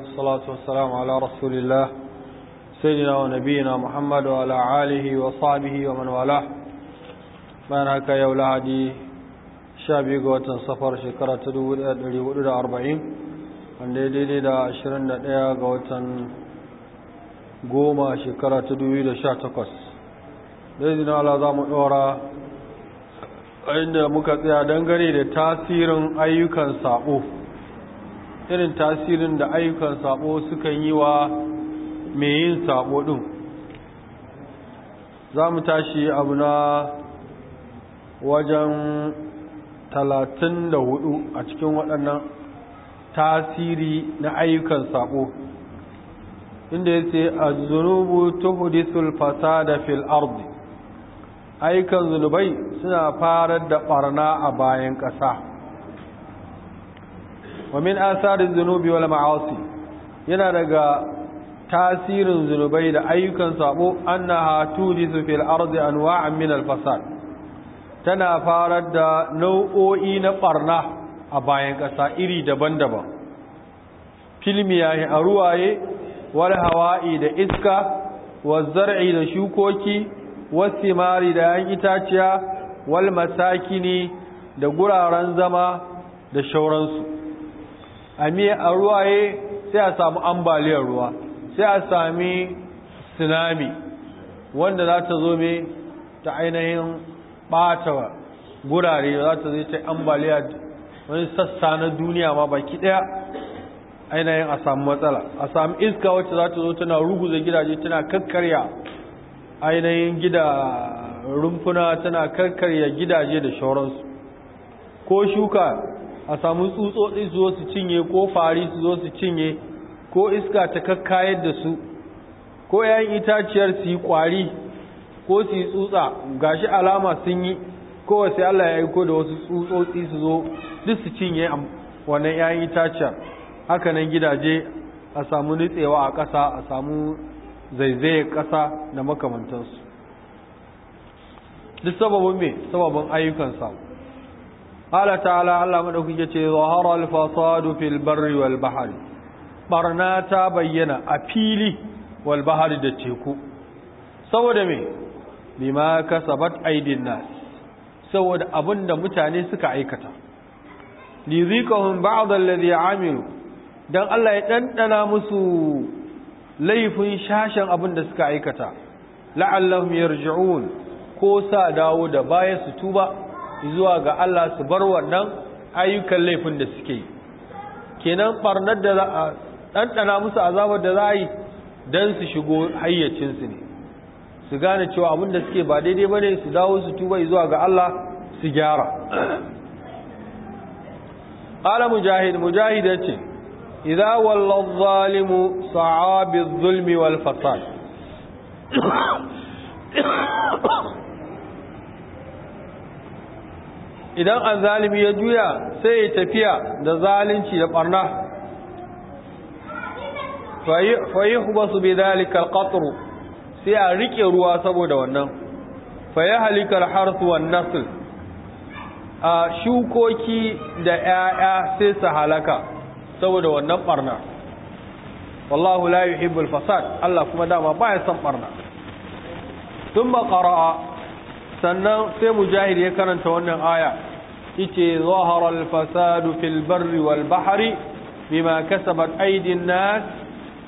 الصلاة والسلام على رسول الله سيدنا ونبينا محمد وعلى آله وصحبه ومن والاه bayan haka yau lahadi sha biyu ga watan safar shekara ta dubu da dari hudu da arba'in wanda daidai da ashirin da ɗaya ga watan goma shekara dubu da sha takwas daidai na ala za ɗora inda muka tsaya dangane da tasirin ayyukan saɓo irin tasirin da ayyukan sabo sukan yi wa mai yin sabo ɗin za mu tashi abu na wajen talatin da hudu a cikin waɗannan tasiri na ayyukan sabo inda ya ce a zunubu tuhudisul fasa da ardi ayyukan zunubai suna farar da ɓarna a bayan ƙasa wa min asarin zunubi wal ma'asi yana daga tasirin zunubai da ayyukan sabo annaha tudisu fil ardi anwa'an min al fasad tana farar da nau'o'i na barna a bayan ƙasa iri daban-daban filmiyahi a ruwaye wal hawa'i da iska wa zar'i da shukoki simari da yan itaciya wal masakini da guraren zama da shauransu a miya a ruwaye eh, sai a samu ambaliyar ruwa sai a sami tsunami wanda za ta zo mai ta ainihin ɓata gurare za ta zai ta ambaliyar wani sassa na duniya ma baki ɗaya ainihin a samu matsala a samu iska wacce za ta zo tana ruguza gidaje tana kakkarya ainihin gida rumfuna tana karkarya gidaje da shauransu ko shuka a samu tsutsotsi su zo su cinye ko fari su zo su cinye ko iska ta kakkayar da su ko yayin itaciyar su yi kwari ko su yi tsutsa gashi alama sun yi kowai sai Allah ya aiko da wasu tsutsotsi su zo duk su cinye wannan yayin itaciyar haka nan gidaje a samu nutsewa a ƙasa a samu zaizayar ƙasa da makamantansu duk sababin me sababin ayyukan Allah ta'ala Allah madaukake ce zahara al fi al barri wal bahri barna ta bayyana a fili wal bahri da teku saboda me bima kasabat aidin nas saboda abinda mutane suka aikata zikahum ba'd alladhi amilu dan Allah ya dandana musu laifin shashan abinda suka aikata la'allahum yarji'un ko sa dawo da baya su tuba zuwa ga Allah su bar wannan ayyukan laifin da suke yi kenan barnar da za a ɗanɗana musu azabar da za a yi don su shigo hayyacinsu ne su gane cewa abin da suke ba daidai ba ne su dawo su tuba zuwa ga Allah su gyara ƙala mujahid mujahid ya ce idza wallal zalimu sa'a zulmi wal fasad idan an zalimi ya juya sai ya tafiya da zalunci da barna fayuhbasu bidhalika alqatr sai a rike ruwa saboda wannan fayahlika alharth wan nasl a shukoki da 'ya'ya sai su halaka saboda wannan barna wallahu la yuhibbul fasad Allah kuma dama baya san barna thumma qara'a sannan sai mujahid ya karanta wannan aya yace zahara al-fasadu fil barri wal bahri bima kasabat aydin nas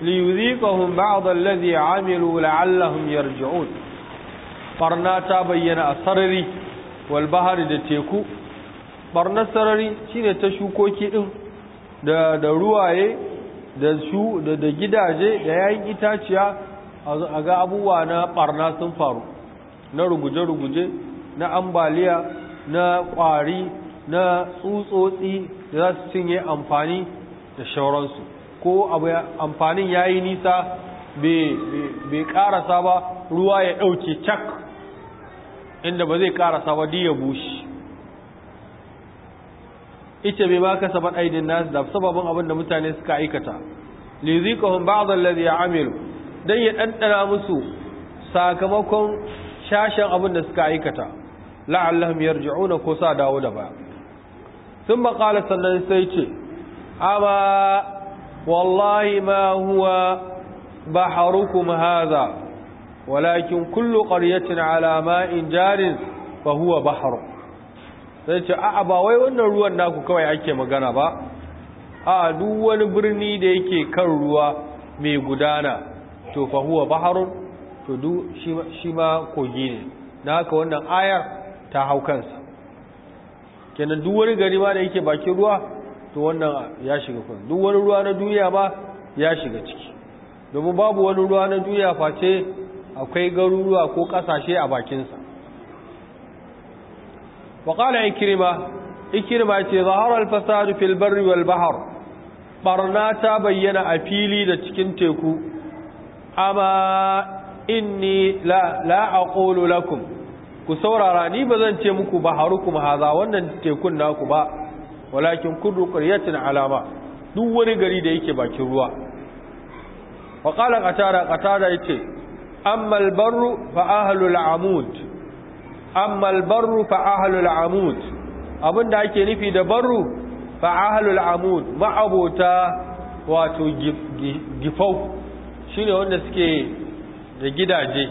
liyuziqahum ba'd allazi amilu la'allahum yarji'un barna ta bayyana a sarari wal bahri da teku barna sarari shine ta shukoki din da da ruwaye da su da da gidaje da yayin itaciya a ga abubuwa na barna sun faru na ruguje-ruguje na ambaliya na ƙwari na tsutsotsi da za su cinye amfani da shauransu ko amfanin ya yi nisa bai karasa ba ruwa ya ɗauke cak inda ba zai karasa ba ya bushe ita bai ba kasa ban aidin nasu da sababin abin da mutane suka aikata lizikahum ba'd allazi amiru dan ya ɗanɗana musu sakamakon shashen abin da suka aikata la'allahum yarji'una ko sa dawo da baya. sun baƙala sannan sai ce amma wallahi ma huwa baharukum haza walakin kullu ƙaryatin alama in jarin fahuwa huwa baharu sai ce a'a ba wai wannan ruwan naku kawai ake magana ba a duk wani birni da yake kan ruwa mai gudana to fa huwa to duk shi ma kogi ne na haka wannan ayar ta hau kansa kenan duk wani gari ma da yake bakin ruwa to wannan ya shiga kun duk wani ruwa na duniya ba ya shiga ciki domin babu wani ruwa na duniya face akwai garuruwa ko kasashe a bakinsa waƙala ikirma ikirma ce zaharar fasadu fil barri wal bahar barna ta bayyana a fili da cikin teku amma inni la aqulu lakum ku saurara ni ba zan ce muku ba kuma haza wannan tekun naku ba walakin kullu qaryatin alama duk wani gari da yake bakin ruwa wa qala qatara qatara yace amma fa ahlul amud amma albarru fa ahlul amud abinda ake nufi da barru fa ahlul amud ma'abota wato gifau shine wanda suke da gidaje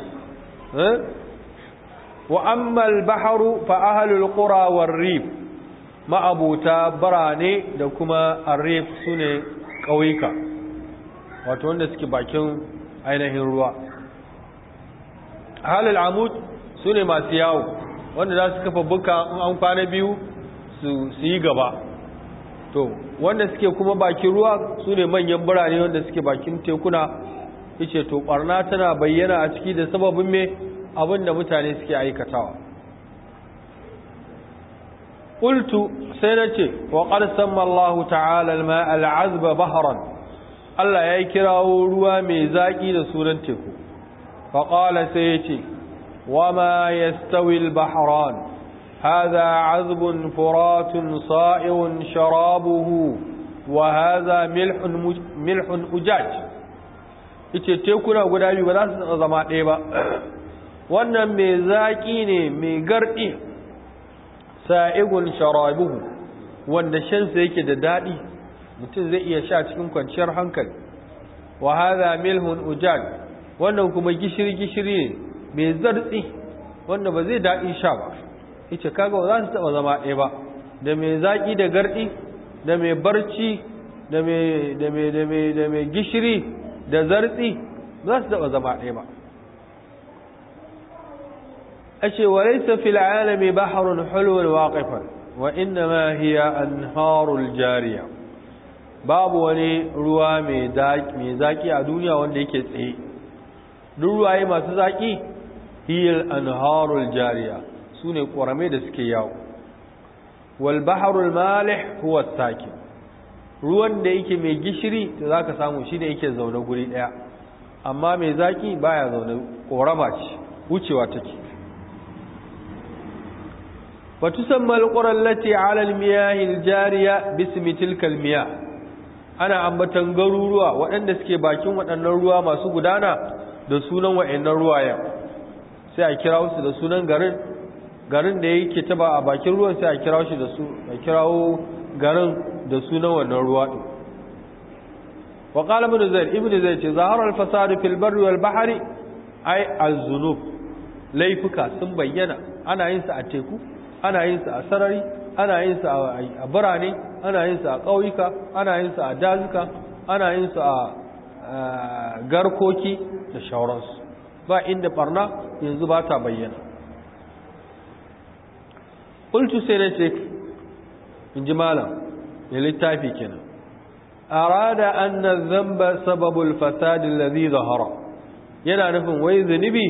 eh? wa baharu fa ahlul qura rif ma'abuta birane da kuma arif sune ƙauyuka wato wanda suke bakin ainihin ruwa ahlul amud ne masu yawo wanda za su kafa buka an kwana biyu su yi gaba to wanda suke kuma bakin ruwa sune manyan birane wanda suke bakin tekuna ice to ɓarna tana bayyana a ciki da sababin me abin da mutane suke aikatawa ƙultu sai na ce wa ƙarsamma Allah ta'ala al'azba baharan Allah ya yi kirawo ruwa mai zaƙi da sunan teku faƙala sai ya ce wa ma ya stawil baharan هذا عذب فرات صائغ شرابه وهذا ملح ملح أجاج yace tekuna guda biyu ba za su zama ɗaya ba wannan mai zaƙi ne mai garɗi sa'igun sharabuhu wanda shansa yake da daɗi mutum zai iya sha cikin kwanciyar hankali wa haza milhun ujjal wannan kuma gishiri gishiri ne mai zartsi wanda ba zai daɗi sha ba ita kaga ba za su taɓa zama ɗaya ba da mai zaƙi da garɗi da mai barci da mai gishiri da zartsi ba za su taɓa zama ɗaya ba أشي وليس في العالم بحر حلو واقفا وإنما hiya anharul jariya. babu wani ruwa mai zaki a duniya wanda yake tsaye duk ruwaye masu zaki hiyar anharul jariya sune ne da suke yawo Wal walbaharul malih huwa sakin ruwan da yake mai gishiri da zaka samu shi ne yake zaune guri ɗaya amma mai zaki baya zaune ƙorama ce wucewa take فتسمى القرى التي على المياه الجارية باسم تلك المياه ana ambatan garuruwa waɗanda suke bakin waɗannan ruwa masu gudana da sunan waɗannan ruwayen sai a kirawo su da sunan garin garin da yake taba a bakin ruwan sai a kirawo shi da su a kirawo garin da sunan wannan ruwa din wa qala ibn zayd ibn zayd ce al-fasad fil barri zunub laifuka sun bayyana ana yin su a teku ana yin sa a sarari ana yin sa a birane ana yin sa a ƙauyuka ana yin sa a dazuka ana yin sa a garkoki da shauransu ba inda barna yanzu ba ta bayyana ƙultu sai na ce in ji malam da littafi kenan arada annan zamba sababul fasadin lazi zahara yana nufin wai zunubi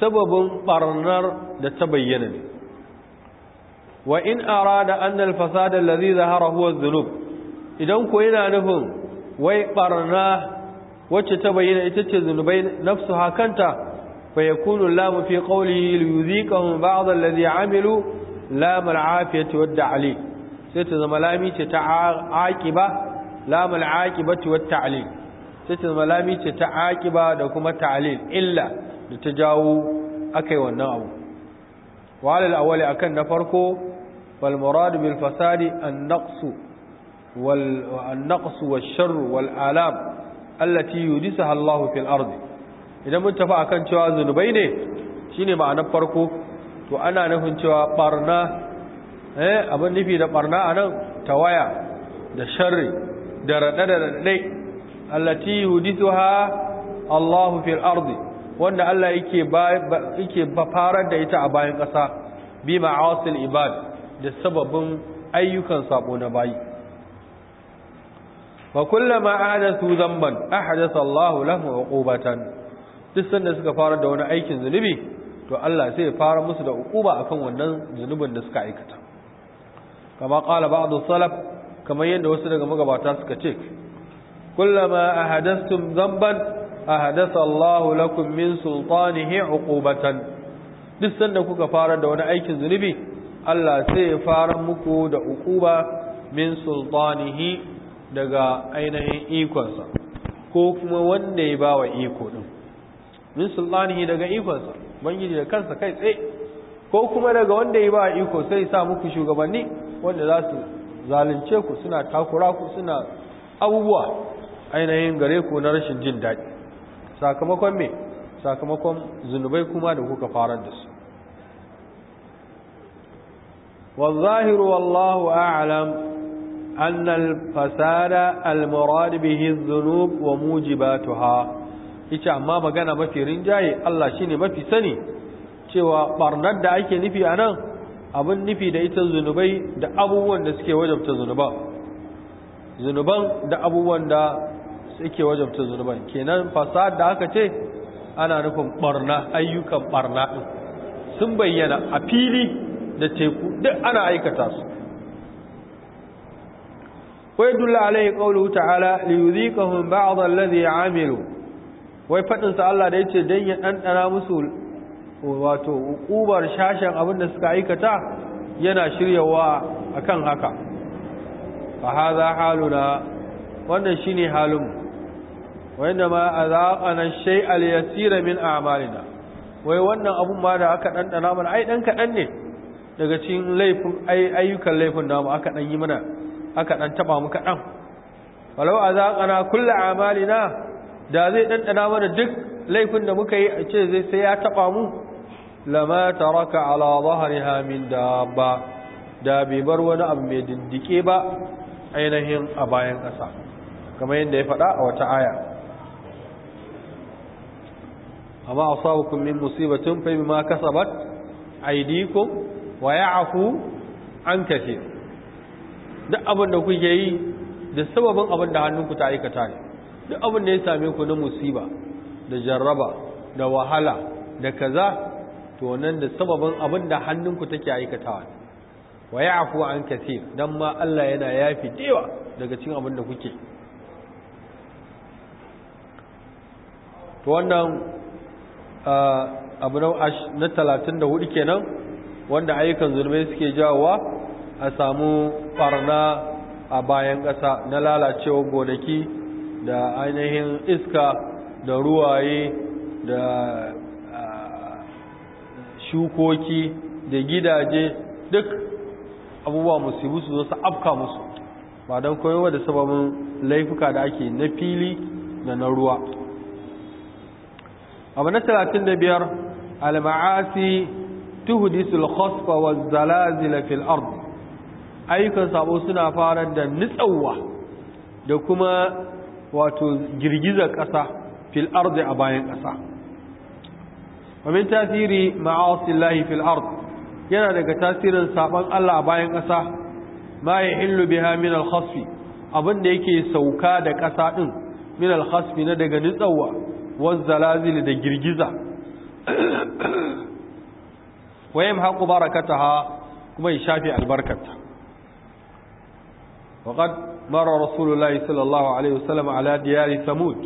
sababin barnar da ta bayyana ne wa in arada anna al-fasad alladhi zahara huwa adh-dhunub idan ko yana nufin wai barna wacce ta bayyana ita ce zunubai nafsu hakanta fa yakunu lamu fi qawlihi liyuziqahum ba'd alladhi amilu lam al-afiyati wad-da'li sai ta zama lami ce ta aqiba lam al-aqibati wat-ta'lil sai ta zama lami ce ta aqiba da kuma ta'lil illa da ta jawo akai wannan abu wa al-awwali akan na farko فالمراد بالفساد النقص والنقص والشر والآلام التي يدسها الله في الأرض idan mun tafi kan cewa zunubai ne shine ma'anar farko to ana nufin cewa barna eh abin nufi da barna anan tawaya da sharri da rada da rade allati yudithuha Allah fil ardi wanda Allah yake farar da ita a bayan ƙasa bi ma'asil ibad da sababin ayyukan sabo na bayi wa kullama ahdathu dhanban ahdatha Allahu lahu uqubatan duk sanda suka fara da wani aikin zunubi to Allah sai ya fara musu da uquba akan wannan zunubin da suka aikata kama qala ba'du salaf kamar yadda wasu daga magabata suka ce kullama ahadathtum dhanban ahdatha Allahu lakum min sultanihi uqubatan duk sanda kuka fara da wani aikin zunubi Allah sai ya fara muku da ukuba min sultanihi daga ainihin ikonsa ko kuma wanda ya ba wa iko din min sultanihi daga ikonsa bangiji da kansa kai tsaye ko kuma daga wanda ya ba iko sai sa muku shugabanni wanda za su zalunce ku suna takura ku suna abubuwa ainihin gare ku na rashin jin daɗi sakamakon me sakamakon zunubai kuma da kuka farar da su والظاهر والله أعلم أن الفساد المراد به الذنوب وموجباتها ita amma magana mafi rinjaye Allah shine mafi sani cewa barnar da ake nufi a nan abin nufi da ita zunubai da abubuwan da suke wajabta zunuban. zunuban da abubuwan da suke wajabta zunuban kenan fasad da aka ce ana nufin barna ayyukan barna sun bayyana a fili da teku duk ana aikata su wai dulla alaihi qawluhu ta'ala li yudhiqahum ba'd alladhi amilu wai fadin sa Allah da yace dan ya dandana musu wato ukubar shashan abin da suka aikata yana shiryawa akan haka fa hadha haluna wannan shine halum Wai da ma azaqana shay'al yasira min a'malina wai wannan abun ma da aka dandana mana ai dan kadan ne daga cikin laifin ayyukan laifin namu aka dan yi mana aka dan taba mu kadan walau azaqana kullu amalina da zai dandana mana duk laifin da muka yi a ce zai sai ya taba mu lama taraka ala dhahriha min dabba da bai bar wani abu mai dindike ba ainihin a bayan ƙasa kamar yadda ya faɗa a wata aya amma asabukum min musibatin fa bima kasabat aydikum wa afu an kashe duk abin da kuke yi da sababin abin da hannunku ta aikata ne duk abin da ya same ku na musiba da jarraba da wahala da kaza to nan da sababin abin da hannunku take aikatawa wa afu an kashe dan ma Allah yana yafi dewa daga cikin abin da kuke to wannan ah, abu na 34 kenan wanda ayyukan zulmai suke jawowa a samu barna a bayan ƙasa na lalacewa gonaki da ainihin iska da ruwaye da shukoki da gidaje duk abubuwa musibu su zo su afka musu ba don koyo da sababin laifuka da ake na fili da na ruwa abu na 35 al-ma'asi tuhdisul khasfa waz zalazil fil ard ayyukan sabo suna fara da nitsawa da kuma wato girgizar ƙasa fil ard a bayan ƙasa wa min tasiri ma'asillahi fil ard yana daga tasirin saban Allah a bayan ƙasa ma yahillu biha min al khasfi abin da yake sauka da ƙasa din min al khasfi na daga nitsawa waz zalazil da girgiza wa yamhaqu barakataha kuma ya shafi albarkata waqad mara rasulullahi sallallahu alaihi wasallam ala diyari samud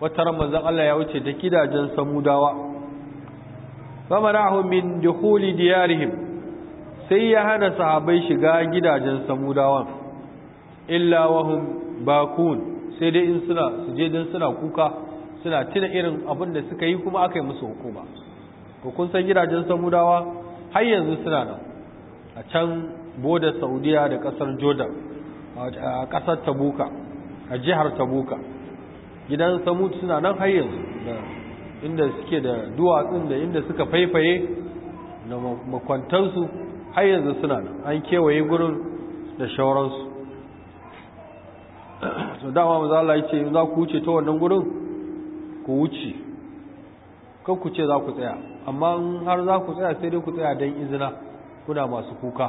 wata ramazan Allah ya wuce da gidajen samudawa famanahum min dukhuli diyarihim sai ya hana sahabbai shiga gidajen samudawan illa wahum bakun sai dai in suna suje suna kuka suna tuna irin abin da suka yi kuma aka yi musu hukuma to kun san gidajen samudawa har yanzu suna nan a can bodar saudiya da kasar jordan a kasar tabuka a jihar tabuka gidan samud suna nan har yanzu inda suke da duwatsun da inda suka faifaye da makwantansu har yanzu suna nan an kewaye gurin da shauransu so dama maza Allah ya ce za ku wuce ta wannan gurin ku wuce kan ku ce za ku tsaya amma in har za ku tsaya sai dai ku tsaya don izina kuna masu kuka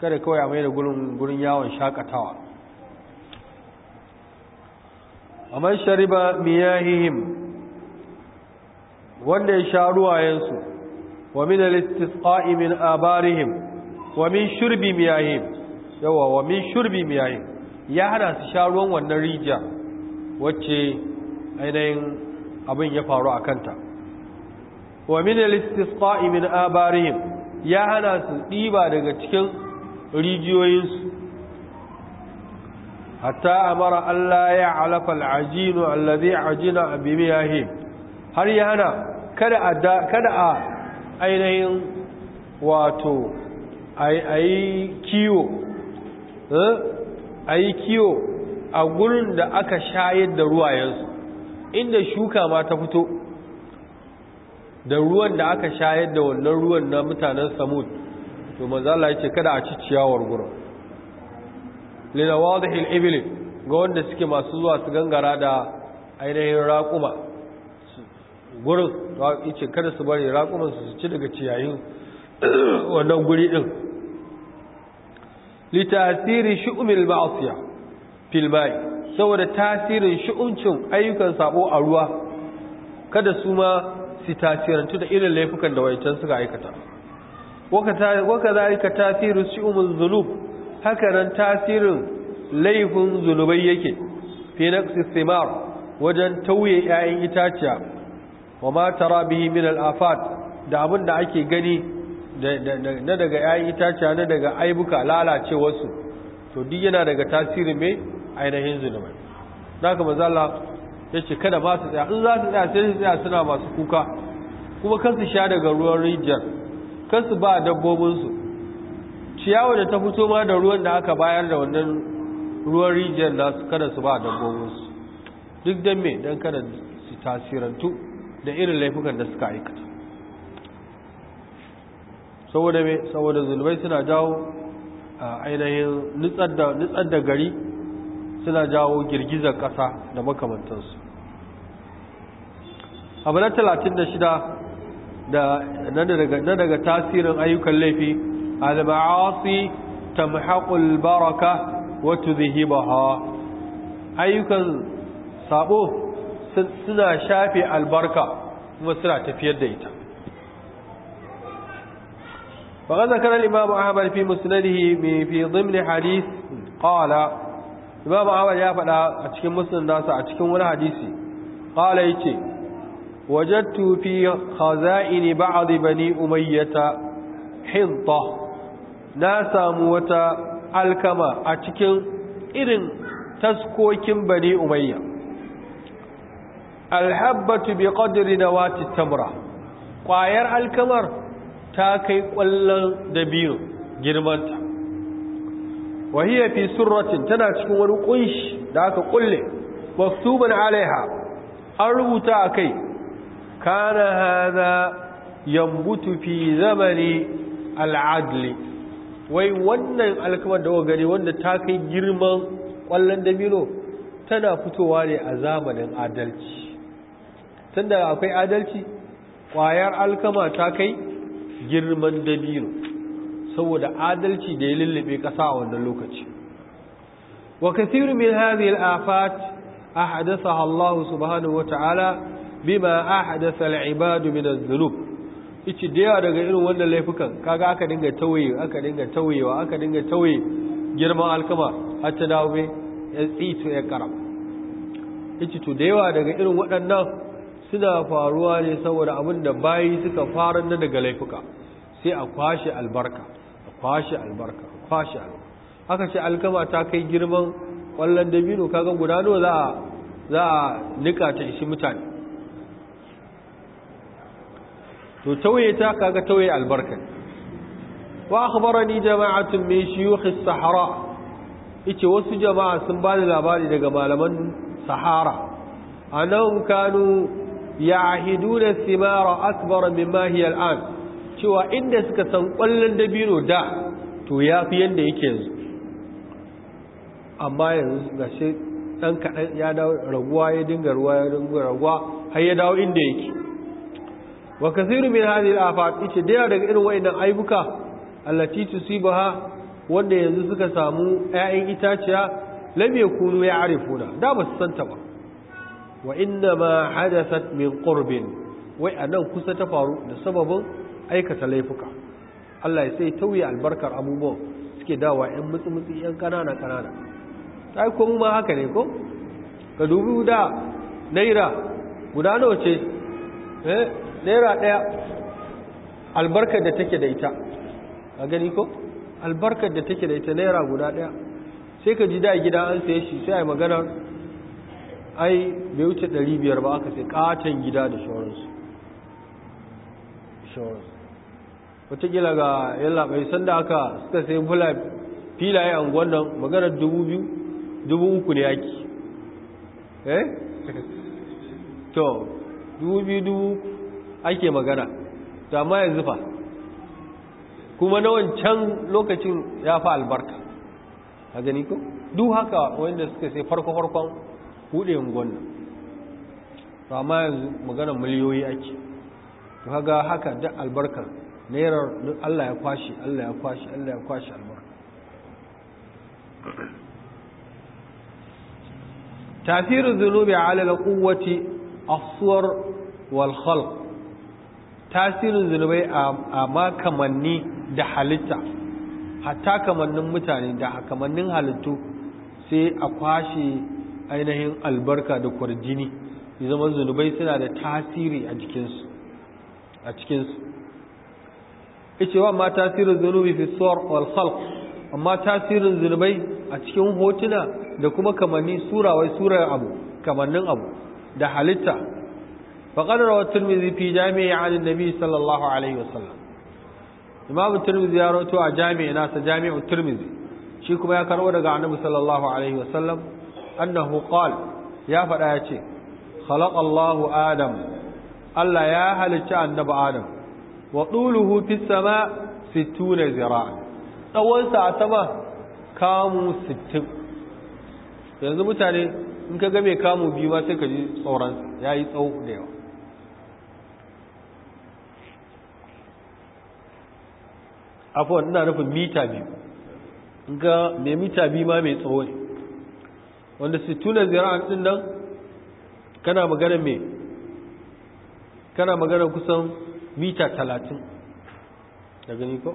kada kawai a mai da gurin yawon shakatawa amma shariba miyahihim wanda ya sha ruwayensu wa min al-istisqa'i min abarihim wa min shurbi miyahihim yawa wa min shurbi miyahihim ya hana su sha ruwan wannan rijiya wacce ainihin abin ya faru a kanta wa min al-istisqa'i min abarihim ya hana su diba daga cikin rijiyoyin su. hatta amara Allah ya alafa al ajin alladhi ajina bi miyahi har ya hana kada a kada a ainihin wato ai kiwo eh, ai kiwo a gurin da aka shayar da ruwayensu inda shuka ma ta fito da ruwan da aka shayar da wannan ruwan na mutanen samud to manzala ya ce kada a ci ciyawar gurin lina wadihil ibli ga wanda suke masu zuwa su gangara da ainihin raƙuma gurin ya kada su bari raƙuman su ci daga ciyayin wannan guri ɗin litasiri shi'umil fil filmai saboda tasirin shu'uncin ayyukan sabo a ruwa kada su ma su tasirantu da irin laifukan da wancan suka aikata waka zalika tasiru shi'umul zulub haka nan tasirin laifin zulubai yake fi istimar wajen tauye 'ya'yan itaciya wa ma tara min al'afat da abin da ake gani na daga 'ya'yan itaciya na daga aibuka lalacewarsu to duk yana daga tasirin mai ainihin zulubai ya ce kada ba su tsaya in za su tsaya sai su tsaya suna masu kuka kuma kan su sha daga ruwan rijiyar kan su ba dabbobinsu ciyawa da ta fito ma da ruwan da aka bayar da wannan ruwan rijiyar su kada su ba dabbobinsu duk don me don kada su tasirantu da irin laifukan da suka aikata saboda me saboda zulmai suna jawo ainihin nutsar da gari suna jawo girgizar ƙasa da makamantansu abu na talatin da shida na daga tasirin ayyukan laifi alba'asi ta mahaƙul baraka wata zihibaha ayyukan sabo suna shafe albarka kuma suna tafiyar da ita فقد ذكر الإمام أحمد في مسنده في ضمن حديث قال imam ahmad ya faɗa a cikin muslim nasa a cikin wani hadisi qala yace wajadtu fi khaza'in ba'd bani umayyata hidda na samu wata alkama a cikin irin taskokin bani umayya alhabbatu bi qadri nawati tamra ƙwayar alkamar ta kai ƙwallon dabino girmanta wa hiya fi surratin tana cikin wani kunshi da aka kulle maktuban alaiha an rubuta akai kana hadha yambutu fi zamani al'adl wai wannan alkamar da gari wanda ta kai girman kwallon dabino tana fitowa ne a zamanin adalci tunda akwai adalci kwayar alkama ta kai girman dabino saboda adalci da ya lullube kasa a wannan lokaci wa kathiru min hadhihi al-afat ahdathaha Allah subhanahu wa ta'ala bima ahdatha al-ibad min adh-dhunub ichi da yawa daga irin wannan laifukan kaga aka dinga tawaye aka dinga wa aka dinga tawaye girman alkama har ta dawo be ya tsito ya karam ichi to da yawa daga irin waɗannan suna faruwa ne saboda abin da bayi suka fara na daga laifuka sai a kwashe albarka kwashe albarka kwashe albarka aka ce alkama ta kai girman kwallon dabino kaga guda nawa za a za a nika ta ishi mutane to tauye ta kaga jama'a albarka wa akhbarani jama'atun min shuyukh as-sahara yace wasu jama'a sun bani labari daga malaman sahara annahum kanu ya'hiduna thimara akbar mimma hiya al-an cewa inda suka san kwallon dabino da to ya fi yadda yake yanzu amma yanzu ga shi ɗan kaɗan ya dawo raguwa ya dinga ruwa ya dinga raguwa har ya dawo inda yake wa kasiru min hadhihi al-afat ita da daga irin wayannan aibuka allati tusibaha wanda yanzu suka samu 'ya'yan itaciya lam yakunu ya'rifuna da ba su santa ba wa inna ma hadathat min qurbin wai a nan kusa ta faru da sababin aikata laifuka Allah ya sai tauye albarkar abubuwan suke dawa yan mutsumutsi yan kanana kanana ta yi komu ma haka ne ko ka dubi guda naira guda nawa ce eh, naira ɗaya albarkar da take da ita a gani ko albarkar da take da ita naira guda ɗaya sai ka ji da gida an saye shi sai a yi maganar ai bai wuce 500 ba aka sai katon gida da shawararsu watakila ga yalla bai san da aka suka sai fula filaye a unguwan nan maganar dubu biyu dubu uku ne yaki eh to dubu biyu dubu ake magana to amma yanzu fa kuma na wancan lokacin ya fa albarka a gani ko duk haka wanda suka sai farko-farkon hudu yin nan to ma yanzu maganar miliyoyi ake to haka da albarkar naira Allah ya kwashi Allah ya kwashi Allah ya kwashi albarka tafiru zunubi ala alquwwati as wal khalq tasirin zunubai a makamanni da halitta hatta kamannin mutane da kamannin halittu sai a kwashe ainihin albarka da kwarjini zama zunubai suna da tasiri a cikinsu yace wa ma tasirin zunubi fi sur wal khalq amma tasirin zunubai a cikin hotuna da kuma kamanni sura wai surar abu kamannin abu da halitta qala rawa tirmidhi fi jami'i 'an nabi sallallahu alaihi wasallam imam tirmidhi ya rawato a jami'i nasa jami'u tirmidhi shi kuma ya karbo daga annabi sallallahu alaihi wasallam annahu qala ya fada yace khalaqa Allahu adam Allah ya halicci annabi adam wa ɗuluhu fi sama zira. zira'a tsawonsa a sama kamu sittin yanzu mutane in ka ga mai kamu biyu ma sai ka ji tsoron ya yi tsawo da yawa afuwan ina nufin mita biyu in ga mai mita biyu ma mai tsawo ne wanda sittuna zira'a ɗin nan kana magana mai kana magana kusan mita talatin da gani ko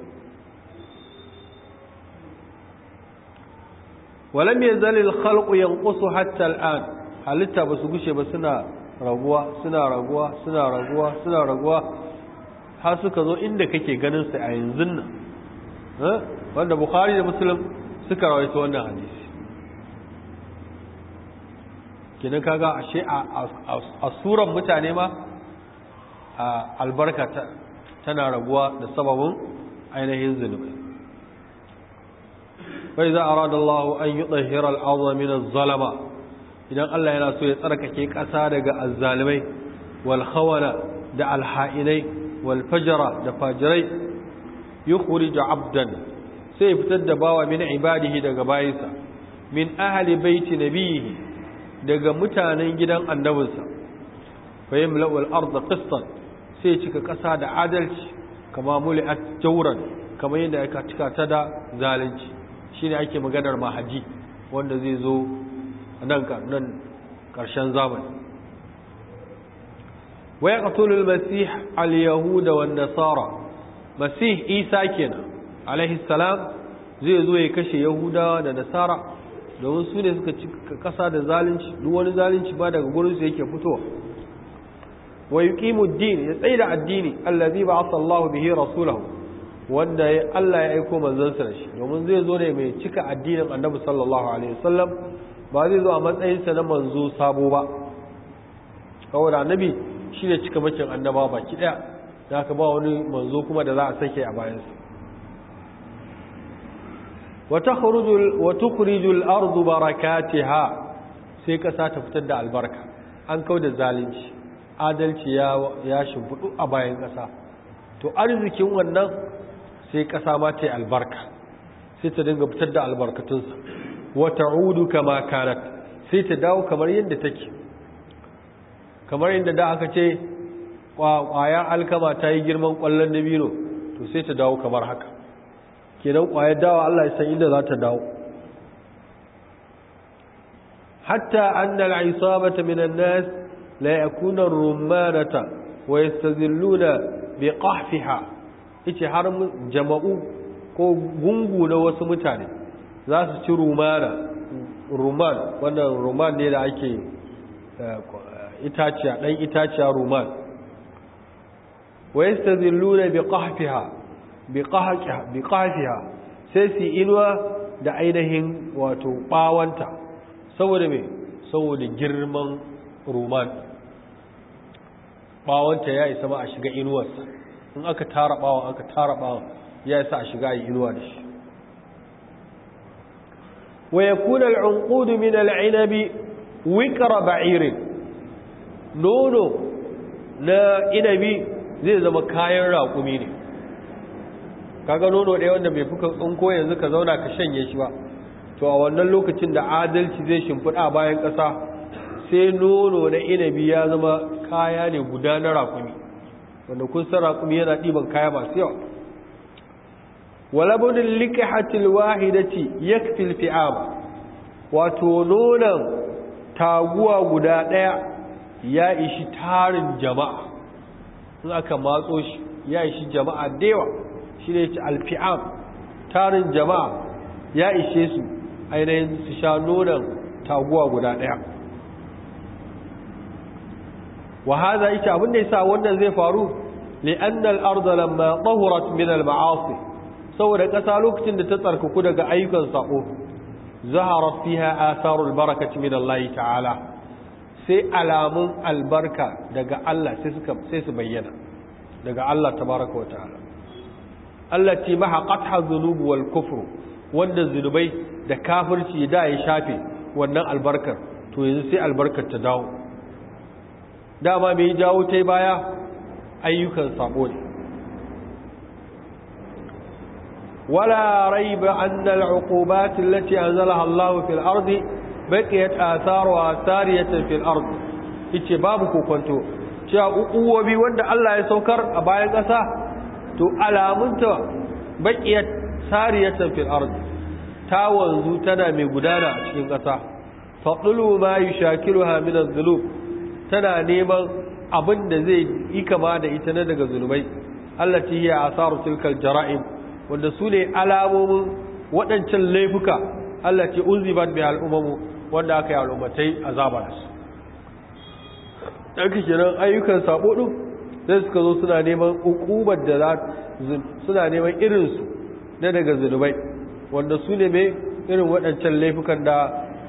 walam yazal al khalq yanqusu hatta al'an an halitta su gushe ba suna raguwa suna raguwa suna raguwa suna raguwa har suka zo inda kake ganin su a yanzu nan eh? wanda bukhari da muslim suka rawaito wannan hadisi kina kaga ashe a suran mutane ma albarka tana raguwa da sababin ainihin zunubai bai za a radallahu an yi tsahirar azamin zalama idan Allah yana so ya tsarkake ƙasa daga azzalimai walhawana da alha'inai walfajara da fajirai yi kuri da abdan sai ya fitar da bawa min ibadihi daga bayansa min ahali baiti nabihi daga mutanen gidan annabinsa fahim la'ul arda qistan sai cika ƙasa da adalci kama a jauran kamar yadda aka cika ta da zalunci shi ne ake maganar mahadi wanda zai zo nan ƙarshen zamani waya ƙatulul masih al-yahuda wa nasara masih isa kenan alaihi salam zai zo ya kashe yahudawa da nasara domin su ne suka cika ƙasa da zalunci duk wani zalunci ba daga gurinsu yake fitowa wa yuqimu ad-din ya tsaida addini allazi ba'atha Allahu bihi wanda Allah ya aiko manzansa da shi domin zai zo ne mai cika addinin Annabi sallallahu alaihi wasallam ba zai zo a matsayin sa na manzo sabo ba saboda annabi ne cika makin annaba baki daya da aka ba wani manzo kuma da za a sake a bayansa wa takhruju wa tukhriju al-ardu barakatiha sai kasa ta fitar da albarka an kauda zalunci adalci ya shimfudu a bayan ƙasa to arzikin wannan sai ƙasa ma ta albarka sai ta dinga fitar da albarkatunsa wata udu kama kanat sai ta dawo kamar yadda take kamar yadda da aka ce ƙwayar alkama ta yi girman ƙwallon dabino to sai ta dawo kamar haka kenan ƙwayar dawa Allah ya san inda za ta dawo hatta annal isabata minan nas la yakuna rumanata wa yastazilluna bi qahfiha yace har jama'u ko gungu na wasu mutane za su ci rumana ruman wannan ruman ne da ake itaciya dan itaciya ruman wa yastazilluna bi qahfiha bi qahqiha bi qahfiha sai su inuwa da ainihin wato bawanta saboda me saboda girman roman bawanta ya isa ba a shiga inuwarsa in aka tara bawa aka tara bawa ya isa a shiga inuwa da shi wa yakuna al'unqud min al'inabi wikra ba'ir nono na inabi zai zama kayan raƙumi ne kaga nono ɗaya wanda bai fuka tsinko yanzu ka zauna ka shanye shi ba to a wannan lokacin da adalci zai shimfida bayan ƙasa sai nono na inabi ya zama kaya ne guda na rakumi wanda kun san rakumi yana ɗiban kaya masu yawa walabunin likahatil wahidati yakfil fi'am wato nonon taguwa guda ɗaya ya ishi tarin jama'a sun aka matso shi ya ishi jama'a dewa shi ne ci alfi'am tarin jama'a ya ishe su ainihin su sha nonon taguwa guda ɗaya wa hadha yace abin da yasa wannan zai faru li anna al-ardh lamma tahurat min al-ma'asi saboda kasa lokacin da ta tsarkaku daga ayyukan sako zaharat fiha atharul barakati min Allah ta'ala sai alamun albarka daga Allah sai suka sai su bayyana daga Allah tabaraka wa ta'ala allati mahaqatha dhunub wal kufr wanda zunubai da kafirci da ya shafe wannan albarkar to yanzu sai albarkar ta dawo dama mai jawo ta baya ayyukan sabo ne wala rai ba annal hukuba tilace a zalaha allahu fil arzi baƙiyar asaru a tsariyatar fil arzi ice babu kokonto cewa uwobi wanda allah ya saukar a bayan ƙasa to alamunta baƙiyar tsariyatar fil arzi ta wanzu tana mai gudana a cikin ƙasa faɗulu ma yi shakiru ha minar zulub tana neman abin da zai yi kama da ita na daga zunubai yi a asaru tilkal jara'in wanda su ne alamomin waɗancan laifuka Allah allati unzibat bi al'umamu wanda aka yi al'ummatai a da Ɗan ɗauki ayyukan sabo ɗin suka zo suna neman ukubar da za suna neman irinsu na daga zunubai wanda su ne mai irin waɗancan laifukan da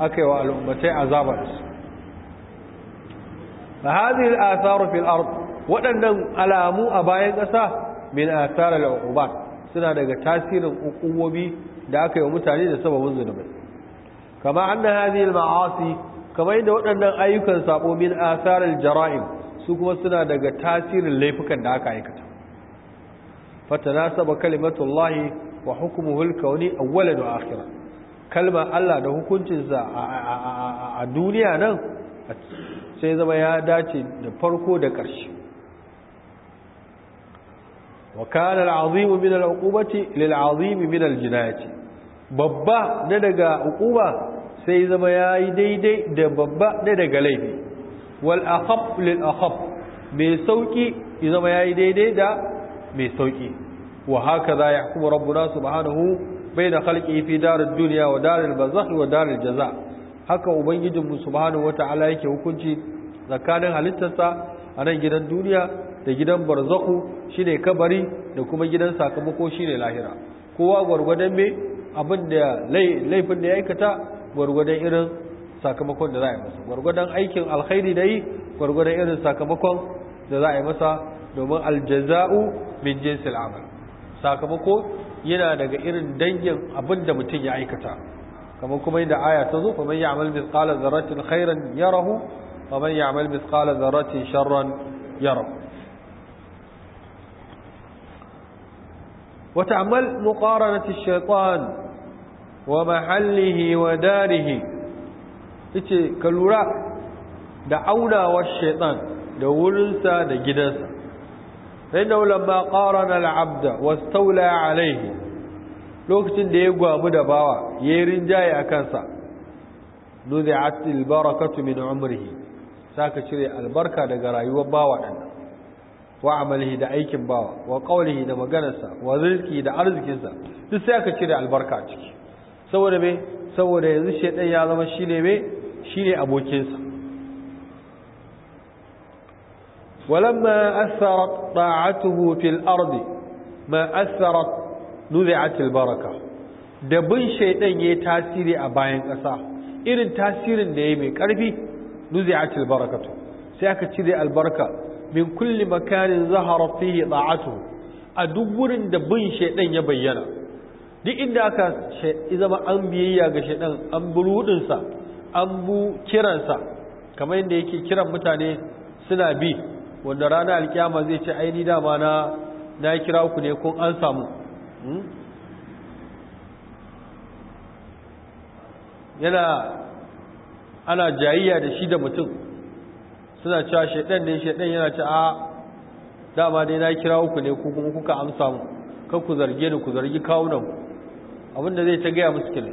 aka yi wa al'ummatai a da fa hadhihi al-atharu fil waɗannan alamu a bayan ƙasa min athar al-uqubat suna daga tasirin uqubobi da aka yi mutane da sababin zunubai kama anna hadhihi al-ma'asi kamar da waɗannan ayyukan sabo min asarar al-jara'im su kuma suna daga tasirin laifukan da aka aikata fatanasaba kalimatullahi wa hukmuhu al-kawni awwalan wa akhiran kalma Allah da hukuncinsa a duniya nan sai zama ya dace da farko da ƙarshe wa kana al'azim min al'uqubati lil azim min al jinayati babba da daga uquba sai zama yayi daidai da babba da daga laifi wal akhaf lil sauƙi mai sauki zama yayi daidai da mai sauki wa haka za hakaza yahkumu rabbuna subhanahu baina khalqihi fi darid dunya wa daril barzakh wa daril jazaa haka ubangijinmu subhanahu wata'ala yake hukunci tsakanin halittarsa a nan gidan duniya da gidan barzaku shi ne kabari da kuma gidan sakamako shi ne lahira kowa gwargwadon me abin da laifin da ya aikata gwargwadon irin sakamakon da za a yi masa gwargwadon aikin alkhairi da yi gwargwadon irin sakamakon da za a yi masa domin aljaza'u min jinsil amal sakamako yana daga irin dangin abin da mutum ya aikata kamar kuma yadda aya ta zo fa man ya'mal mithqala dharratin khairan yarahu ومن يعمل مثقال ذرة شرا يرى وتعمل مقارنة الشيطان ومحله وداره ita ka lura da aunawar shaitan da wurinsa da gidansa sai da lamma qarana al-abda wastawla alayhi lokacin da ya gwabu da bawa yayin rinjaye akan sa nuzi'at barakatu min umrihi Saka cire albarka daga rayuwar bawa ɗan wa amalihi da aikin bawa wa qawlihi da maganarsa wa rizqi da arzikinsa duk sai aka cire albarka ciki saboda me saboda yanzu shedan ya zama shine me shine abokinsa ولما أثرت da bin الأرض ya yi tasiri a bayan شيطان irin tasirin da ya yi mai karfi nuzi'at albarakatu sai aka cire albarka min kulli makanin zahara fihi da'atuhu a duk wurin da bin shaidan ya bayyana duk inda aka zama an biyayya ga shaidan an burudin sa an bu kiransa kamar yadda yake kiran mutane suna bi wanda rana alkiyama zai ce aini dama na na kira ku ne kun an samu yana ana jayayya da shi da mutum suna cewa shaidan ne shaidan yana ce a dama dai na kira uku ne ku kuma kuka amsa mu kan ku zarge ni ku zargi kawunan ku abinda zai ta gaya musu kile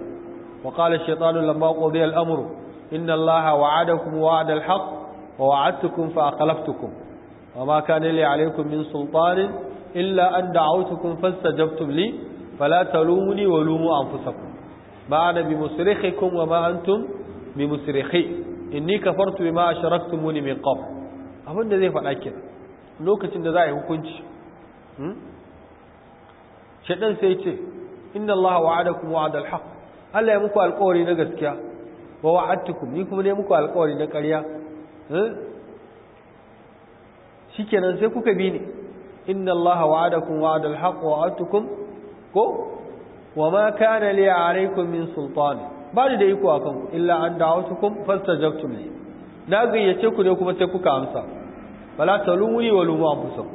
wa qala shaytanu lamma qudi al-amru inna allaha wa'adakum wa'da al-haq wa wa'adtukum fa akhlaftukum wa ma kana li alaykum min sultanin illa an da'awtukum fastajabtum li fala talumuni wa lumu anfusakum ba'ana bi musrikhikum wa ma antum bi musrihi inni kafartu bima asharaktumuni min qabl abin da zai faɗa ke lokacin da za a yi hukunci shaɗan sai ce inna allaha wa'adakum wa'ada alhaq Allah ya muku alƙawari na gaskiya wa wa'adtukum ni kuma ne muku alƙawari na ƙarya shikenan sai kuka bi ni inna allaha wa'adakum wa'ada alhaq wa wa'adtukum ko wa ma kana li alaykum min sultani ba ni da iko a kanku illa an fasta fastajabtum ne na gayyace ku ne kuma sai kuka amsa bala lumuri wa lumu ku.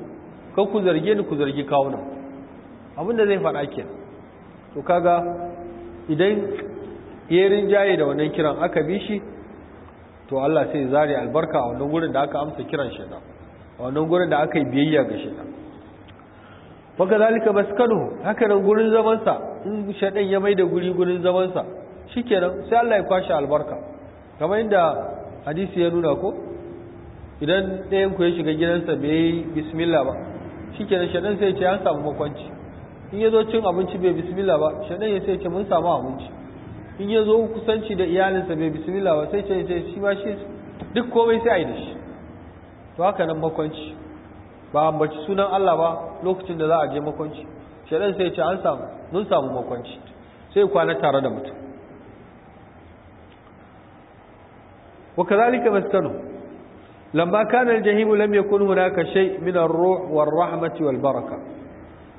kan ku zarge ni ku zargi kawunan abinda zai faɗa ke to kaga idan yerin jaye da wannan kiran aka bi shi to Allah sai zare albarka a wannan gurin da aka amsa kiran shida, a wannan gurin da aka yi biyayya ga shaitan wakazalika zalika su haka nan gurin zamansa in shaitan ya maida guri gurin zamansa kenan sai Allah ya kwashe albarka kamar inda hadisi ya nuna ko idan ɗayan ku ya shiga gidansa bai yi bismillah ba shikenan shaɗan sai ce an samu makwanci in ya zo cin abinci bai bismillah ba shaɗan ya sai ce mun samu abinci in ya zo kusanci da iyalinsa bai bismillah ba sai ce ce shi ma shi duk komai sai a yi da shi to haka nan makwanci ba a ambaci sunan Allah ba lokacin da za a je makwanci shaɗan sai ce an samu mun samu makwanci sai kwana tare da mutum وكذلك مسكنه لما كان الجحيم لم يكن هناك شيء من الروح والرحمة والبركة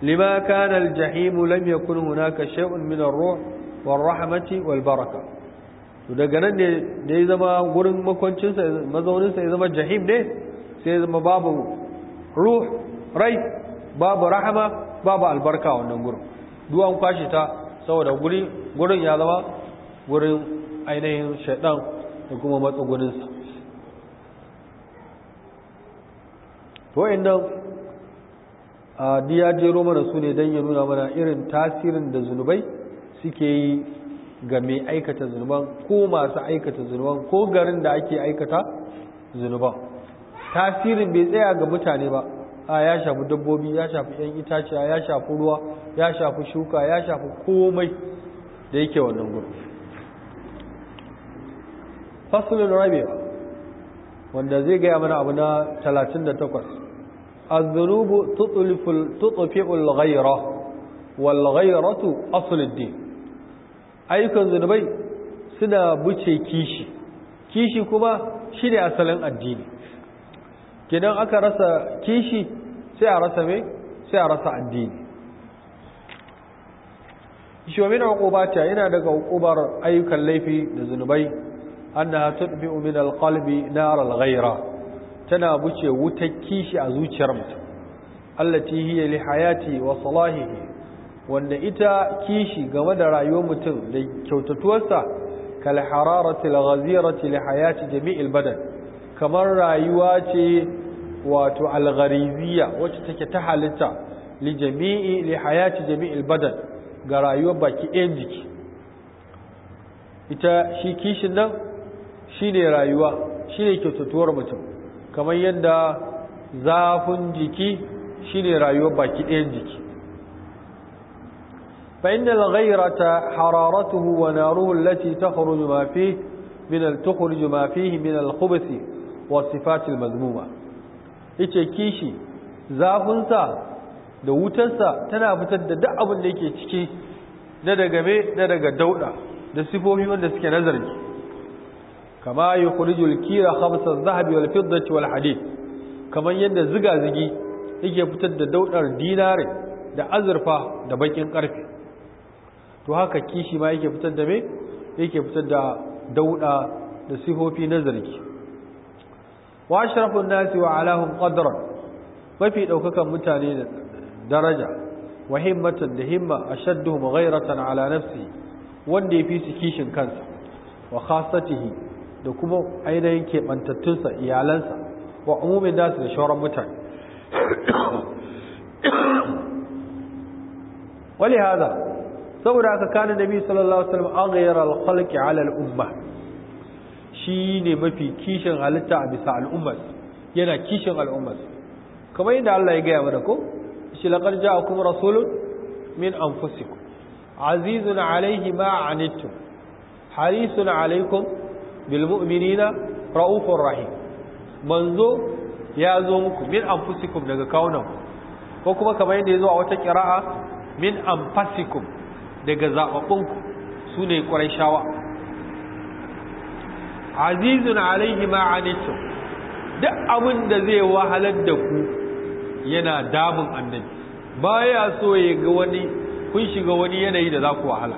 لما كان الجحيم لم يكن هناك شيء من الروح والرحمة والبركة daga nan ne da ya zama gurin mazauninsa ya zama jahim ne sai ya zama babu ruh rai babu rahama babu albarka wannan gurin duwan kwashe ta saboda gurin ya zama wurin ainihin shaɗan. da kuma matsuguninsa to nan a diya jero mana su ne don ya nuna mana irin tasirin da zunubai suke yi ga mai aikata zunuban ko masu aikata zunuban ko garin da ake aikata zunuban tasirin bai tsaya ga mutane ba a ya shafi dabbobi ya shafi yan itaciya ya shafi ruwa ya shafi shuka ya shafi komai da yake wannan gudu faslun rabi'a wanda zai gaya mana abu na 38 az-zunubu ghayra wal ghayratu aslud din ayyukan zunubai suna buce kishi kishi kuma shine asalin addini kidan aka rasa kishi sai a rasa me sai a rasa addini shi wa min uqubata yana daga uqubar ayyukan laifi da zunubai annaha tudbi'u min alqalbi nar alghayra tana buce wutar kishi a zuciyar mutum allati hiya li hayati wa salahihi wanda ita kishi game da rayuwar mutum da kyautatuwarsa kal hararati alghazirati li hayati jami'il badan kamar rayuwa ce wato alghariziya wacce take ta halitta li jami'i li hayati jami'il badan ga rayuwar baki ɗayan jiki ita shi kishin nan shine rayuwa shine kyautatuwar mutum kamar yadda zafin jiki shine rayuwar baki ɗayan jiki فإن الغيرة حرارته وناره التي تخرج ما فيه من تخرج ما فيه من الخبث والصفات المذمومة yace kishi zafinsa da wutarsa tana fitar da duk abin da yake ciki na daga me na daga dauda da sifofi wanda suke nazari kama yukhrijul kira khamsa zahabi dhahabi wal fiddati wal yadda ziga zigi yake fitar da daudar dinare da azurfa da bakin karfe to haka kishi ma yake fitar da mai yake fitar da dauda da sihofi na zargi wa ashrafun nasi wa alahun qadran mafi daukakan mutane da daraja wa himmatan da himma ashadduhum ghayratan ala nafsi wanda yafi su kishin kansa wa khasatihi da kuma ainihin keɓantattunsa iyalansa wa umumin nasu da shauran mutane wali haza saboda aka kana nabi sallallahu alaihi wasallam an al-khalqi ala al-umma ne mafi kishin halitta a bisa al'umma yana kishin al'ummar kamar yadda Allah ya gaya mana ko shi a ja'akum rasulun min Azizu azizun alayhi ma anittum harisun alaykum bil mu'minina raufur rahim manzo ya zo muku min anfusikum daga kaunan ko kuma kamar yadda ya zo a wata kira'a min anfasikum daga zaɓaɓɓunku su ne shawa. azizun alaihi ma'anitum duk abin da zai wahalar da ku yana damun annabi baya so ya ga wani kun shiga wani yanayi da za ku wahala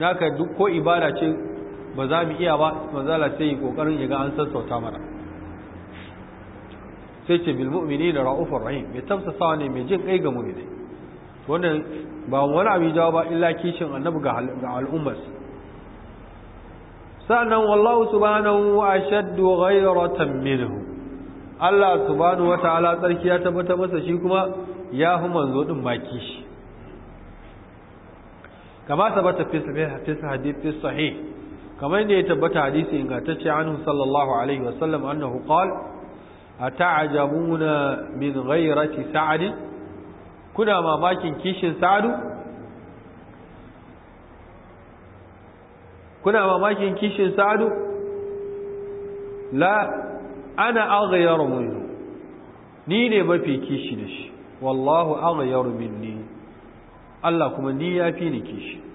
naka duk ko ibada ce ba za mu iya ba manzala sai yi kokarin ya ga an sassauta mana sai ce bil mu'mini da ra'ufur rahim mai sawa ne mai jin kai ga mu'mini wannan ba wani abin jawo ba illa kishin annabi ga al'ummar sa'annan wallahu subhanahu wa ashaddu ghayratan minhu Allah subhanahu wa ta'ala tsarki ya tabbata masa shi kuma ya fi manzo din baki shi kama sabata fi sahih kamar da ya tabbata hadisi ingantacce anhu sallallahu alaihi wasallam annahu qala ata'jabuna min ghayrati sa'd kuna mamakin kishin sa'du kuna mamakin kishin sa'du la ana aghyaru minhu ni ne mafi kishi da shi wallahu aghyaru minni Allah kuma ni yafi ni kishi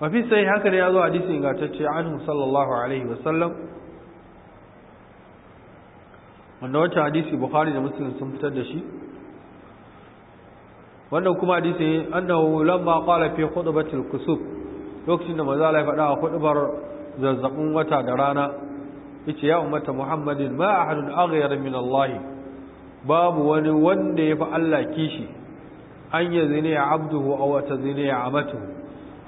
mafi sai haka da ya zo hadisi ingantacce anhu sallallahu alaihi wasallam wanda wancan hadisi bukhari da muslim sun fitar da shi wannan kuma hadisi annahu lamma qala fi khutbatil kusuf lokacin da maza Allah ya faɗa a khutbar zazzabin wata da rana yace ya ummata muhammadin ma ahadun aghyara min Allah babu wani wanda ya fi Allah kishi an yazini abduhu aw tazini amatuhu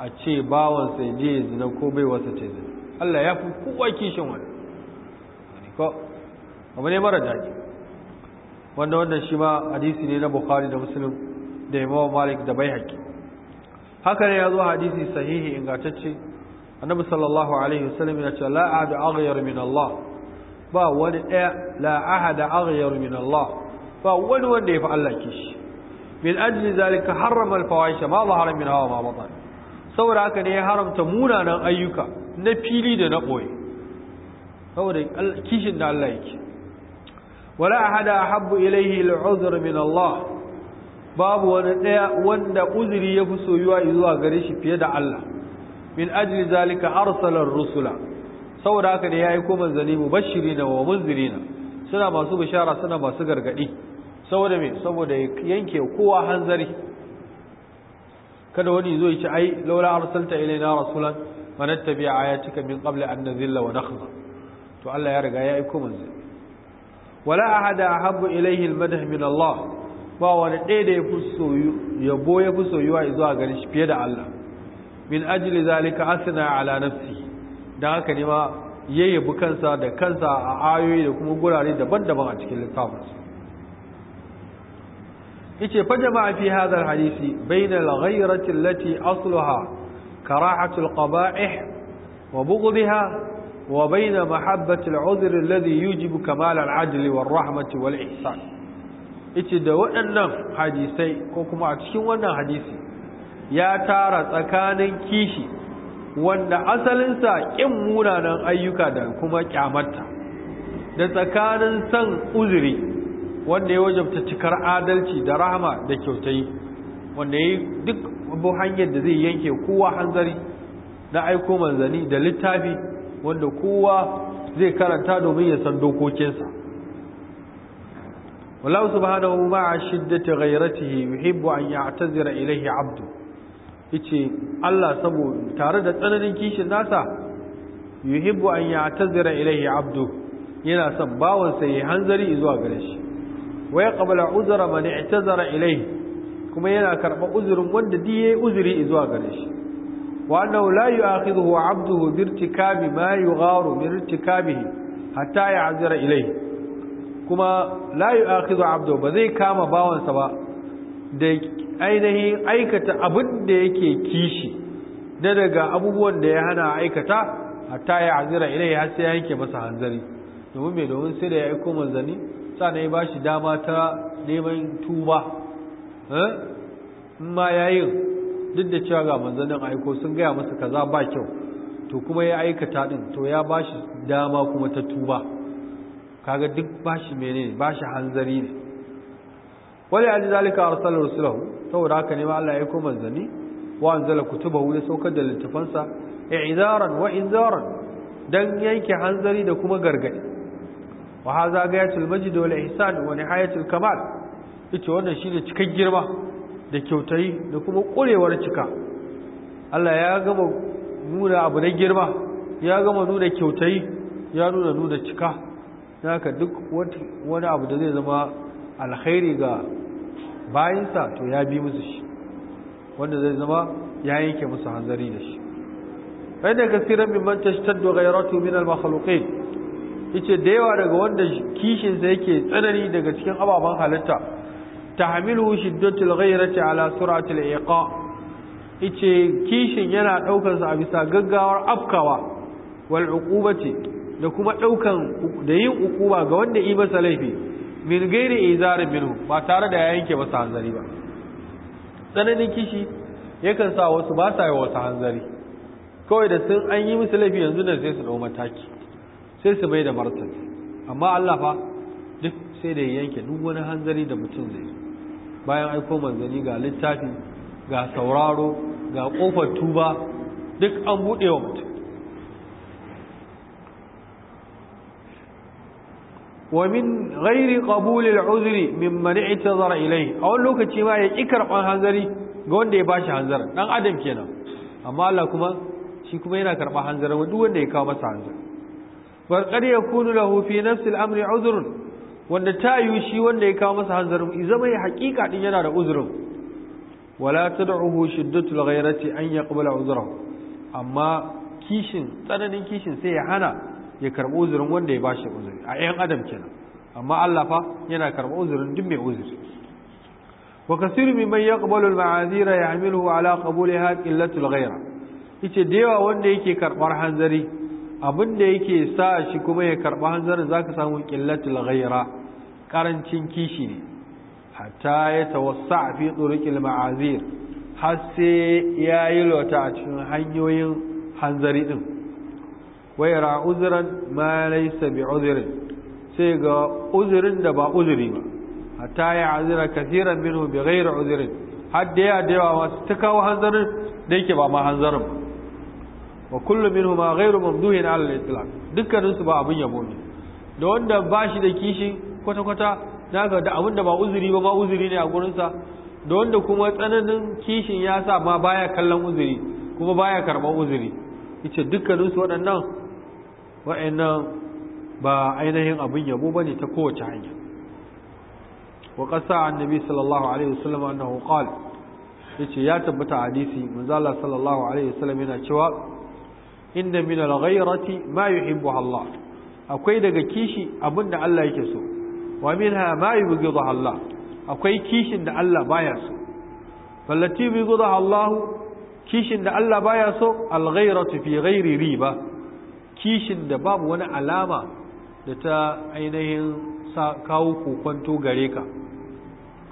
a ce bawansa ya je zina ko bai wasa ce zina Allah ya fi kowa kishin wani ko abu ne mara daji. wanda wanda shi ma hadisi ne na bukhari da musulun da imam malik da bai haƙi haka ne ya zo hadisi sahihi ingantacce annabi sallallahu alaihi wasallam ya ce la ahad aghyar min Allah ba wani ɗaya la ahad aghyar min Allah ba wani wanda ya fi Allah kishi min ajli zalika harrama al-fawahisha ma zahara min hawa ma batana saboda haka ne ya haramta munanan ayyuka na fili da na ɓoye saboda kishin da Allah yake wala ahada Habu-Ilaihi al'uzr min Allah babu wani daya wanda uzuri yafi soyuwa zuwa gare shi fiye da Allah min ajli zalika arsala ar-rusula saboda haka ne yayi ko manzali mubashirina wa munzirina suna masu bishara suna masu gargadi saboda me saboda yanke kowa hanzari kada wani zo ya ai laula arsalta ilaina rasulan fanattabi ayatika min qabli an nazilla wa nakhza to Allah ya riga ya aiko manzo wala ahada ahabbu ilayhi almadh min Allah ba wani ɗaya da ya fi soyu yabo ya soyuwa zuwa gare shi fiye da Allah min ajli zalika asna ala nafsi dan haka ne ma yayyabi kansa da kansa a ayoyi da kuma gurare daban-daban a cikin littafinsa yace fa jama'a fi hadha alhadisi bayna alghayrati allati asluha karahatu alqaba'ih wa bughdaha wa bayna mahabbati al'udhr alladhi yujibu kamal al'adl warahmati walihsan yace da waɗannan hadisai ko kuma a cikin wannan hadisi ya tara tsakanin kishi wanda asalinsa ƙin munanan ayyuka da kuma kyamarta da tsakanin san uzuri wanda ya wajabta cikar adalci da rahama da kyautai wanda ya yi duk abu hanyar da zai yanke kowa hanzari na aiko manzani da littafi wanda kowa zai karanta domin ya san dokokinsa wallahu subhanahu gaira ta yi, yuhibbu an ya'tazira ilayhi 'abdu yace Allah saboda tare da tsananin kishin nasa yuhibbu an ya'tazira ilayhi 'abdu yana son bawansa ya hanzari zuwa gare shi wa yaqbalu uzra man i'tazara ilayhi kuma yana karba uzurin wanda diye uzuri zuwa gare shi wa annahu la yu'akhidhu 'abduhu bi irtikabi ma yugharu min irtikabihi hatta ya'zira ilayhi kuma la yu'akhidhu 'abduhu ba zai kama bawansa ba da ainihin aikata abin da yake kishi na daga abubuwan da ya hana aikata hatta ya'zira ilai har sai yanke masa hanzari domin me domin sai da ya aiko manzani na yi ba shi dama ta neman tuba eh? in ma yayin duk da cewa ga manzannin aiko sun gaya masa kaza ba kyau to kuma ya aikata din to ya ba shi dama kuma ta tuba kaga duk ba shi mene ba shi hanzari ne wale an zalika arsala rusulahu saboda haka ne Allah ya aiko manzanni wa anzala kutubahu ya saukar da littafansa i'zaran wa izaran dan yanke hanzari da kuma gargadi wa haza gayatul majid wal ihsan wa nihayatul kamal ita wannan shine cikin girma da kyautai da kuma kurewar cika Allah ya gama nuna abu na girma ya gama nuna kyautai, ya nuna nuna cika haka duk wani abu da zai zama alkhairi ga bayinsa to ya bi musu shi wanda zai zama ya yanke musu hanzari da shi fa da kasiran mimman tashtaddu ghayratu min al-makhluqin yace da yawa daga wanda kishin sa yake tsanani daga cikin ababen halitta tahmiluhu shiddatul ghayrati ala suratil iqa yace kishin yana daukar sa a bisa gaggawar afkawa wal uqubati da kuma daukan da yin uquba ga wanda yi masa laifi min ghayri izarin minhu ba tare da ya yanke masa hanzari ba tsananin kishi yakan sa wasu ba sa yi wasu hanzari kawai da sun an yi musu laifi yanzu da sai su dau mataki sai su bai da martani amma Allah fa duk sai da yanke duk wani hanzari da mutum zai bayan aiko manzani ga littafi ga sauraro ga kofar tuba duk an bude wa mutum ومن غير قبول العذر ممن اعتذر اليه a wani lokaci ma ya ki hanzari ga wanda ya bashi hanzar dan adam kenan amma Allah kuma shi kuma yana karban hanzarin duk wanda ya kawo masa hanzari faqad yakunu lahu fi nafsi al-amri uzurin, wanda ta yi shi wanda ya kawo masa hanzarin zama ya haƙiƙa din yana da uzurin wala tad'uhu shiddatul ghayrati an yaqbala uzrahu amma kishin tsananin kishin sai ya hana ya karbi uzurin wanda ya bashi uzuri a yan adam kenan amma Allah fa yana karɓi uzurin duk mai uzuri wa kasiru mimman yaqbalu al-ma'azira ya'miluhu ala qabuliha qillatul ghayra yace da yawa wanda yake karɓar hanzari abin da yake sa shi kuma ya karɓi hanzarin za ka samu ƙillatul ghaira ƙarancin kishi ne hatta ya tawassa fi tsuruƙil ma'azir har sai ya yi lota a cikin hanyoyin hanzari ɗin Wai uzuran ma laisa bi uzurin sai ga uzurin da ba uzuri ba hatta ya azira kathiran minhu bi ghairi uzurin har da yawa da masu ta kawo hanzarin da yake ba ma hanzarin ba wa kullu ma ghairu mamduhin ala al-itlaq dukkanin su ba abun yabo ne da wanda ba shi da kishi kwata kwata daga da abun da ba uzuri ba ma uzuri ne a gurin sa da wanda kuma tsananin kishin ya sa ma baya kallon uzuri kuma baya karban uzuri yace dukkanin su waɗannan wa'annan ba ainihin abun yabo bane ta kowace hanya wa qasa annabi sallallahu alaihi wasallam annahu qala yace ya tabbata hadisi manzo Allah sallallahu alaihi wasallam yana cewa inda min al-ghayrati ma yuhibbu Allah akwai daga kishi abinda Allah yake so wa minha ma yubghidu Allah akwai kishin da Allah baya so fallati yubghidu Allah kishin da Allah baya so al-ghayratu fi ghayri riba kishin da babu wani alama da ta ainihin sa kawo kokonto gare ka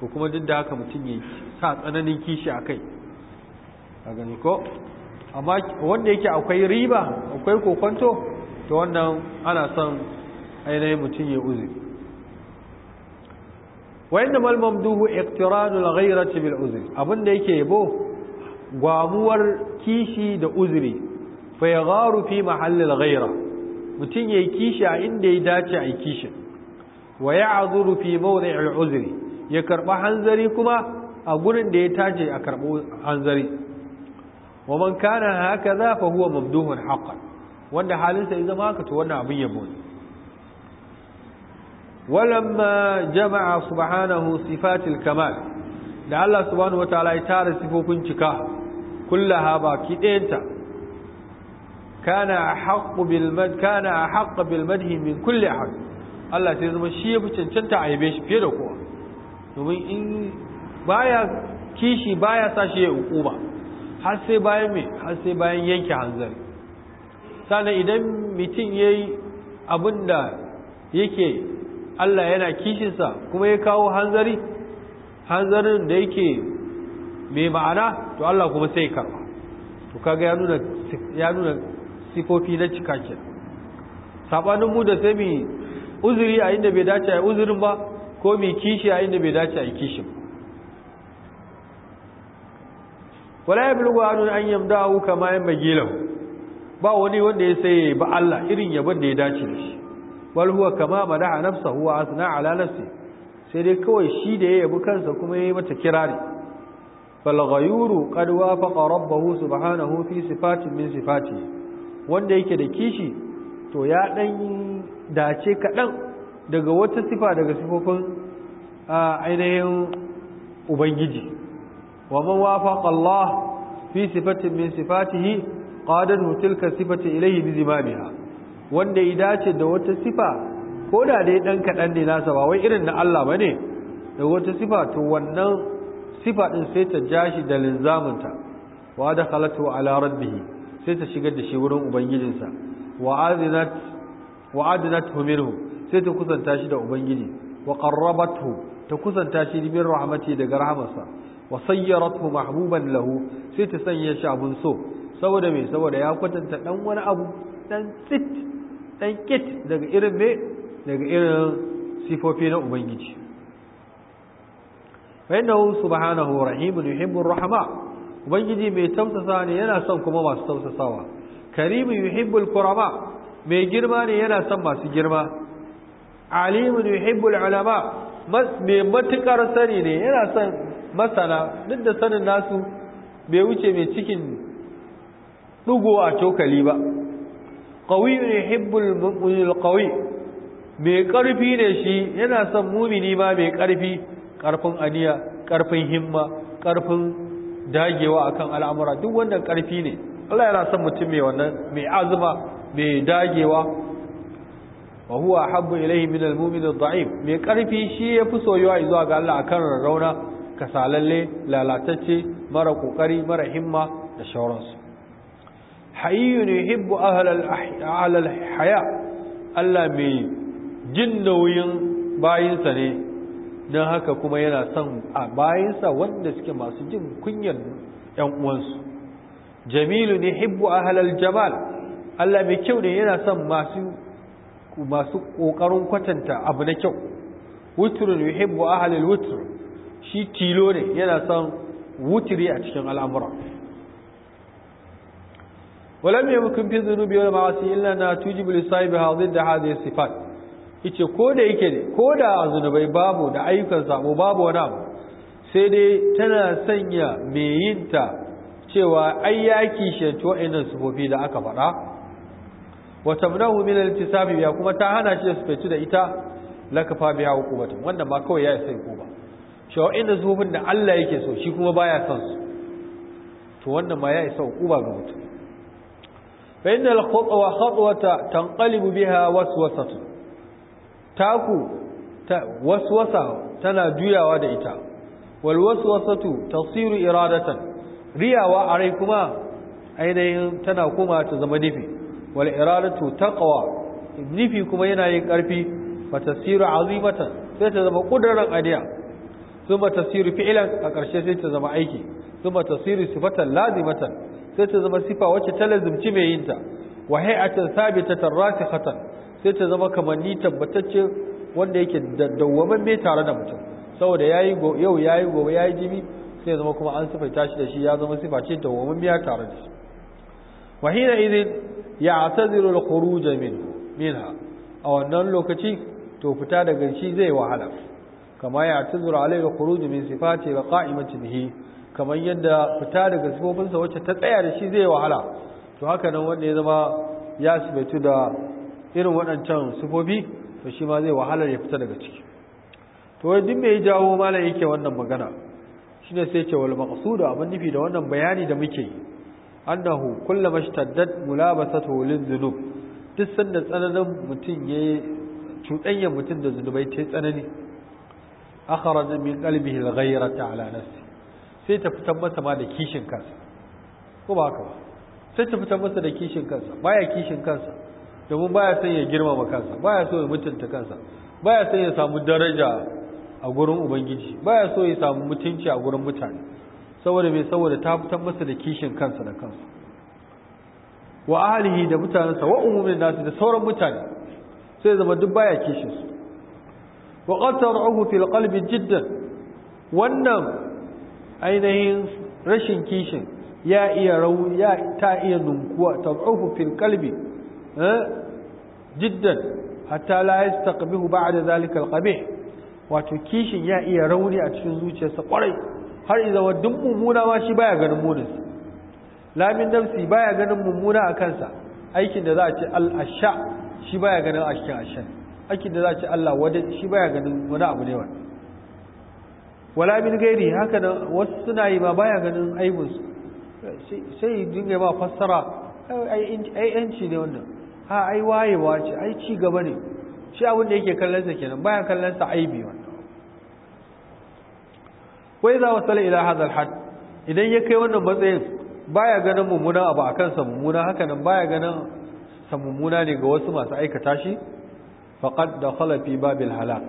ko kuma duk da haka mutum ya sa tsananin kishi akai a gani ko amma wanda yake akwai riba akwai kokonto to wannan ana son ainihin mutum ya uzuri wa inda malmam duhu iktiranul ghairati bil uzri abinda yake yabo gwamuwar kishi da uzuri fa yagharu fi mahallil ghaira mutum yayi kishi a inda ya dace a kishi. wa ya'zuru fi mawdi'il uzri ya karba hanzari kuma a gurin da ya tace a karbo hanzari wa man kana hakaza fa huwa mabduhun haqqan wanda halinsa ya zama haka to wannan abin yabo ne walamma jama'a subhanahu sifatil kamal da Allah subhanahu wataala ya tara sifofin cika kullaha baki ɗayanta kana haqqu bil mad kana haqqu bil madhi min kulli ahad Allah sai zama shi yafi cancanta a shi fiye da kowa domin in baya kishi baya sa shi ya hukuma har sai bayan me har sai bayan yanke hanzari sannan idan mutum ya yi abin da yake Allah yana kishinsa kuma ya kawo hanzari hanzarin da yake mai ma'ana to Allah kuma sai karba to kaga ya nuna sifofi na cikakken sabanin mu da sai uzuri a inda bai dace a uzurin ba ko mai kishi a inda bai dace a kishin wala ya yablughu anun an yamdahu kama yanbaghi magilan ba wani wanda ya sai ba Allah irin yabon da ya dace da shi wal huwa kama da'a nafsahu huwa asna ala nafsi sai dai kawai shi da ya yabi kansa kuma yayi mata kirari fal ghayuru qad wafaqa rabbahu subhanahu fi sifatin min sifati wanda yake da kishi to ya dan dace kadan daga wata sifa daga sifofin ainihin ubangiji ومن وافق الله في صفة من صفاته قادته تلك الصفة إليه بزمامها وأن إداتة دوت الصفة كودا دي دنك أني ناسبا وإرن الله مني دوت الصفة وأن صفة سيتا جاشي دلزامنتا وأدخلته على ربه سيتا شقد شورهم أبنجلسا وعادنت وعادنته منه سيتا كسن تاشد أبنجلي وقربته تكسن تاشد من رحمته دقرحمسا wa sayyarathu mahbuban lahu sai ta sanya shi so saboda me saboda ya kwatanta dan wani abu dan kit daga irin me daga irin sifofi na ubangiji fa innahu subhanahu rahimun yuhibbur rahma ubangiji mai tausasa ne yana son kuma masu tausasawa karimu yuhibbul kurama mai girma ne yana son masu girma alimun yuhibbul ulama mai matukar sani ne yana son masana duk da sanin nasu bai wuce mai cikin ɗugo a cokali ba ƙawi ne hibbul mummunin ƙawi mai ƙarfi ne shi yana son mumini ma mai ƙarfi ƙarfin aniya ƙarfin himma ƙarfin dagewa akan al'amura duk wannan ƙarfi ne Allah yana son mutum mai wannan mai azuma mai dagewa wa huwa habbu ilayhi min al-mu'min ad-da'if mai ƙarfi shi yafi soyuwa zuwa ga Allah akan rauna kasalalle lalatacce mara kokari mara himma da shauransu hayyun yuhibbu ahlal haya Allah mai jin nauyin bayinsa ne don haka kuma yana son a bayinsa wanda suke masu jin kunyan ‘yan uwansu jamilu ne hibbu ahlal jamal Allah mai kyau ne yana son masu masu ƙoƙarin kwatanta abu na kyau wutrun yuhibbu ahlal wutr shi tilo ne yana son wutiri a cikin al'amura walam mai mukun fi zunubi wal ma'asi illa na tujibu li sahibiha da hadhihi sifat ice ko da yake ne ko da zunubai babu da ayyukan sabo babu wani abu sai dai tana sanya mai yinta cewa ai ya kishanci wa'annan sufofi da aka faɗa wata tamnahu min littisafi biya kuma ta hana shi su fitu da ita lakafa biya hukumatan wannan ma kawai ya isa hukuma cewa inda zubin da Allah yake so shi kuma baya son su to wannan ma ya isa uba ga mutum fa inna al khutwa khutwata tanqalibu biha waswasatu taku ta waswasa tana juyawa da ita wal waswasatu tasiru iradatan riyawa arai kuma ainihin tana kuma ta zama nufi wal iradatu taqwa nifi kuma yana yin karfi fa tasiru azimatan sai ta zama kudaran adiya thumma tasiri fi'lan a ƙarshe sai ta zama aiki thumma tasiru sifatan lazimatan sai ta zama sifa wacce ta lazimci mai yin ta wa hay'atan sabitatan rasikhatan sai ta zama kamanni tabbatacce wanda yake dawwamamme tare da mutum saboda yayi yau yayi gobe yayi jibi sai zama kuma an sifaita shi da shi ya zama sifa ce dawwamammiya tare da shi wa hina idin ya'taziru al-khuruj minhu minha a wannan lokaci to fita daga shi zai wahala kamar ya tuzur alaihi khuruj min sifati wa qa'imati bihi kamar yadda fita daga sifofinsa wacce ta tsaya da shi zai wahala to haka nan wanda ya zama ya sibaitu da irin waɗancan sifofi to shi ma zai wahalar ya fita daga ciki to duk me ya jawo malam yake wannan magana shine sai ce wal maqsudu abin nufi da wannan bayani da muke yi annahu kullama ishtaddat mulabasatuhu duk sanda tsananin mutum yayi cuɗanyar mutum da zunubai ta tsanani akharaja min qalbihi al-ghayrata ala nafsi sai ta fitar masa ba da kishin kansa ko ba haka ba sai ta fitar masa da kishin kansa baya kishin kansa domin baya son ya girmama kansa baya so ya mutunta kansa baya son ya samu daraja a gurin ubangiji baya so ya samu mutunci a gurin mutane saboda mai saboda ta fitar masa da kishin kansa da kansa wa ahlihi da mutanensa wa umumin nasu da sauran mutane sai zama duk baya kishin su wa qad tar'uhu fil qalbi jiddan wannan ainihin rashin kishin ya iya rau ya ta iya nunkuwa tar'uhu fil qalbi eh, jiddan hatta la yastaqbihu ba'da zalika al qabih wato kishin ya iya rauni a cikin zuciyarsa kwarai har idan wadin mummuna ma shi baya ganin muninsa lamin nafsi baya ganin mummuna a kansa aikin da za a ce al-asha shi baya ganin ashin ashan aiki da za ci Allah wadda shi baya ganin wani abu ne wani wala min gairi haka da wasu suna yi ma baya ganin aibinsu sai dinga ma fassara ai yanci ne wannan ha ai wayewa ce ai ci gaba ne shi abin da yake kallonsa sa kenan baya kallonsa aibi wannan wai za wasala ila hadha had, idan ya kai wannan matsayin baya ganin mummuna abu akan kansa mummuna haka nan baya ganin sa mummuna ne ga wasu masu aikata shi faqad da fi babil halak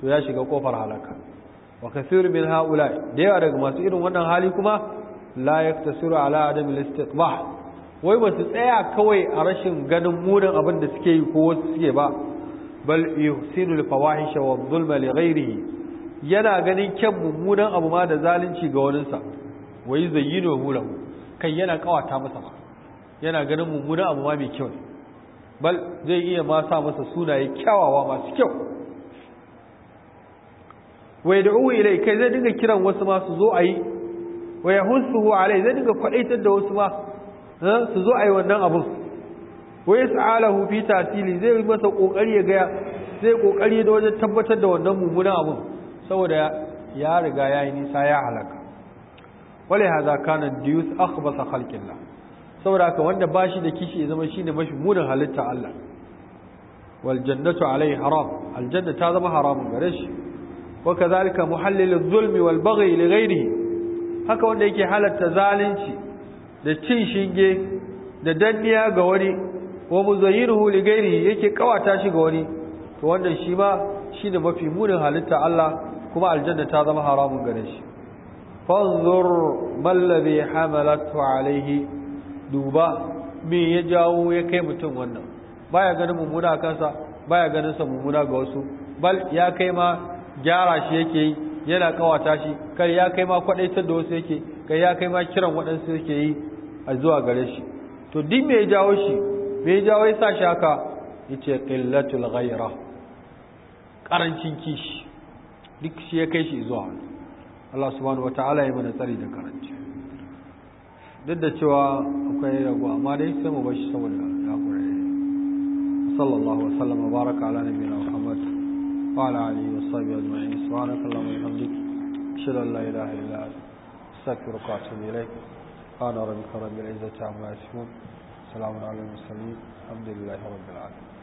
to ya shiga kofar halaka wa kathir min haula da yawa daga masu irin wannan hali kuma la yaktasiru ala adam al-istiqbah wai ba su tsaya kawai a rashin ganin munin abin da suke yi ko wasu suke ba bal yuhsinu al-fawahisha wa dhulma li ghayrihi yana ganin kyan mummunan abu ma da zalunci ga waninsa wai zayyinu hulahu kai yana kawata masa yana ganin mummunan abu ma mai kyau bal zai iya ma sa masa sunaye kyawawa masu kyau wai da uwu ilai kai zai dinga kiran wasu ma su zo a yi wai ya hunsuhu alai zai dinga kwadaitar da wasu ma su zo a yi wannan abin wai su alahu hufi tasiri zai yi masa ƙoƙari ya gaya zai ƙoƙari da wajen tabbatar da wannan mummunan abin saboda ya riga ya yi nisa ya halaka wale haza kanan diyus akhbasa khalqillah saboda ka wanda ba shi da kishi ya zama shi ne mashi munin halitta Allah wal jannatu alai haram aljanna ta zama haramun gare shi wa kazalika muhallilul zulmi wal baghi li ghairihi haka wanda yake halatta zalunci da cin shinge da danniya ga wani wa muzayyiruhu li ghairihi yake kawata shi ga wani to wannan shi ma shi ne mafi munin halitta Allah kuma aljanna ta zama haramun gare shi fanzur mallabi hamalatu alaihi duba me ya jawo ya kai mutum wannan baya ganin mummuna a kansa baya ganin sa mummuna ga wasu bal ya kai ma gyara shi yake yi yana kawata shi kai ya kai ma kwadaitar da wasu yake kai ya kai ma kiran waɗansu yake yi a zuwa gare shi to duk me ya jawo shi me ya jawo ya sa shi haka yace qillatul ghaira karancin kishi duk shi ya kai shi zuwa Allah subhanahu wataala ya mana tsari da karanci duk da cewa akwai rago amma dai sai mu bashi saboda ya kure sallallahu alaihi wasallam baraka ala nabiyina muhammad wa ala alihi wa sahbihi ajma'in subhanakallahumma wa bihamdika ashhadu an la ilaha illa anta astaghfiruka wa atubu ilaik قال ربك رب العزة عما يصفون سلام على المرسلين الحمد لله رب العالمين